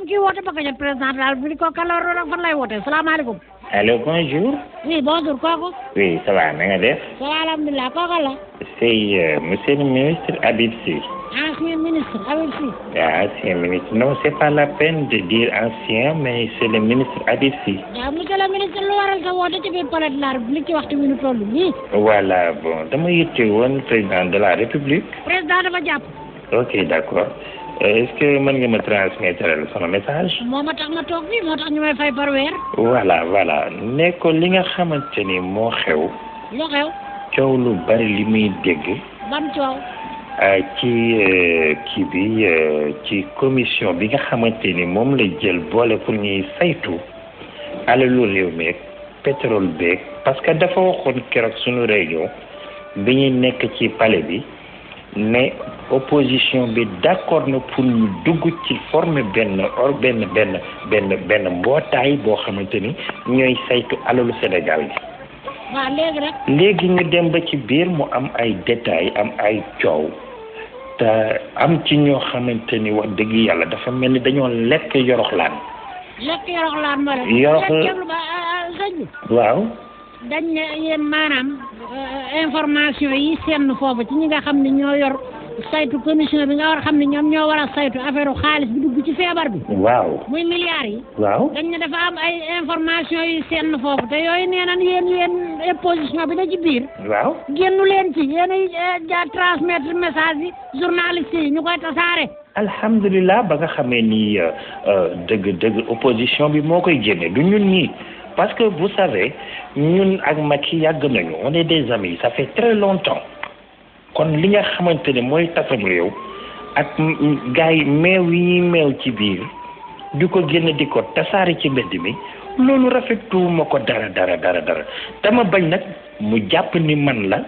am kii woote ba la République kooku kan la war a fan lay bonjour. oui bonjour kooku. oui ça va na nga def. ça va alhamdulilah kooku la. c'est euh, monsieur le ministre Habib Sy. ancien ministre Habib Sy. waaw ah, ministre non c'est pas la peine de dire ancien mais c'est le ministre Habib Sy. waaw monsieur le ministre lu waral sa woote ci biir palais de la République ci waxtu bi ñu toll nii. voilà bon dama yitte woon président de la République. président dafa jàpp. ok d'accord. Eh, est-ce que mën nga ma transmettre sama message. moo ma tax ma toog fii moo tax ñu may fay par weer. voilà voilà ne li nga xamante ni moo xew. lu coow lu bari li muy dégg. Eh, ci eh, kii bi ci commission bi nga xamante ni moom la jël boole pour ñuy saytu alalu réew meeg pétrole beeg parce que dafa waxoon keroog suñu réunion bi ñuy nekk ci pale bi. ne opposition bi d'accord na pour ñu dugg ci former benn or benn benn benn benn mbootaay boo xamante ni ñooy saytu alalu Sénégal bi. léegi rek. ñu dem ba ci biir mu am ay détails am ay coow te am ci ñoo xamante ni wax dëgg yàlla dafa mel ni dañoo lekk yoroxlaan. lekk yorox ah, ah, waaw. dañ ne yéen maanaam euh, information yi seen foofu ci ñi nga xam ne ñoo yor saytu commission bi nga war xam ne ñoom ñoo war a saytu affaire xaalis bi dugg ci feebar bi. waaw muy milliards yi. waaw dañ ne dafa am ay information yi seen foofu te yooyu nee nañ yéen opposition bi da ci biir. waaw génnu leen ci yéen ay euh, ja transmettre message journaliste yi ñu koy tasaare. alhamdulilah ba nga xamee ni euh, dëgg dëgg opposition bi moo koy génne du ñun ñii. parce que vous savez ñun ak Macky yàgg nañu on des amis ça fait très longtemps kon li nga xamante ne mooy tasam réew ak gars yi meew yi ñuy meew ci biir di ko génn di ko tasaare ci mbedd mi loolu rafetuwuma ko dara dara dara dama bañ nag mu jàpp ni man la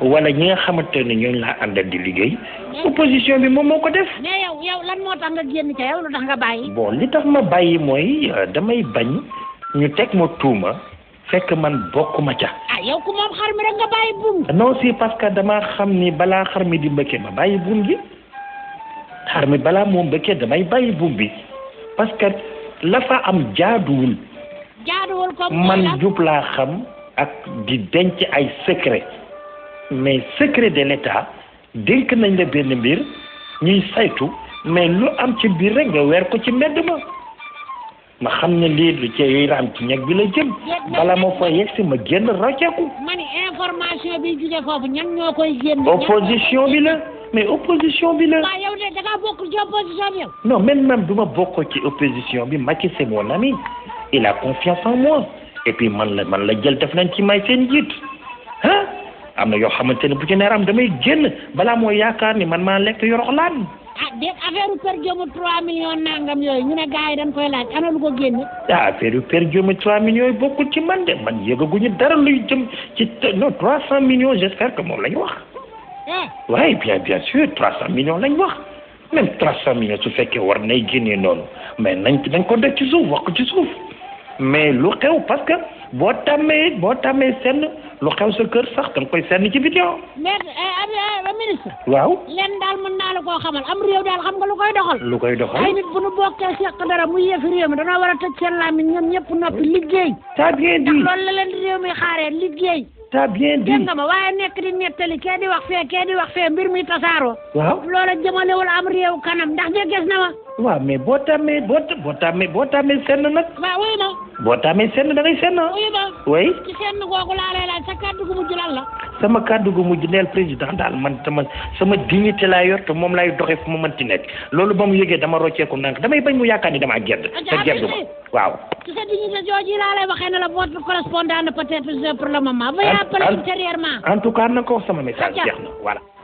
wala ñi nga xamante ne ñooñ laa àndal di liggéey opposition bi moom moo ko def. mais yow yow lan moo tax nga génn ca yow lu tax nga bàyyi. bon li tax ma bàyyi mooy euh, damay bañ. ñu teg ma tuuma fekk man bokkuma ca. ah yow ku moom xar mi rek nga bàyyi buum. non si parce que damaa xam ni balaa xar mi di mbëkkee ma bàyyi buum gi xar mi balaa moo mbëkkee damay bàyyi buum bi parce que la fa am jaaduwul. man jub laa xam ak di denc ay secret mais secret de l'état dénk nañ la benn mbir ñuy saytu mais lu am ci biir rek nga weer ko ci mbedd ma. ma xam ne lii du cee yooyu raam ci ñag bi la jëm bala ma fa yegsi ma génn rocceeku ma ni information bi jóge foofu ñan ñoo koy génn opposition bi la mais opposition bi la waaw yow de da ma bokk ci opposition bi Macky c'est mon ami il a confiance en moi et man la man la jël def nañ ci may seen jiit ah am na yoo xamante ne bu ci neeram damay génn balaa moo yaakaar ni man maa lekk yoroxlaan ah déet affaire per diem 3 millions nangam yooyu ñu ne gars yi koy laaj ana lu ko génne. ah yu per diem 3 millions yi bokkul ci man de man yëgaguñu dara luy jëm ci non 300 millions j'espère que moom la wax. waaye eh. bien bien sûr 300 millions la ñu wax même 300 millions su fekkee war nay génnee noonu mais nañ nañ ko def ci suuf wax ko ci suuf mais lu xew parce que boo tàmmee boo tàmmee seen. lu xew sa kër sax da nga koy sànni ci vidéo. mais eh, eh, ministre. waaw lenn daal mën naa la koo xamal am réew daal xam nga lu koy doxal. lu koy doxal ay nit bu nu bokkee seq mu yëfi réew mi danoo war a tëj seen làmmiñ ñoom noppi liggéey. ça bien dit loolu la leen réew mi xaaree liggéey. ça bien dit dégg ma waaye nekk di nettali kee di wax fee kee di wax fee mbir mi tasaaroo. waaw loola jëmalewul am réew kanam ndax de gis na ma. waaw mais boo tàmmee boo boo tàmmee boo tàmmee seen nag. boo taamee senn da ngay senn. Ah. oui. senn googu laa sa kàddu gu mujj lan la. sama kàddu gu mujj neel président daal man sama sama dignité laa yor te moom laay doxee fu mu mënti nekk loolu ba mu yëgee dama rocceeku ndànk damay bañ mu yaakaar ni damaa gedd. te gedd ma waaw. ci sa dignité jooju laa lay waxee ne la votre correspondant peut-être pour le moment. va y appeler ultérieurement. en tout cas na ko wax sama message jeex na voilà.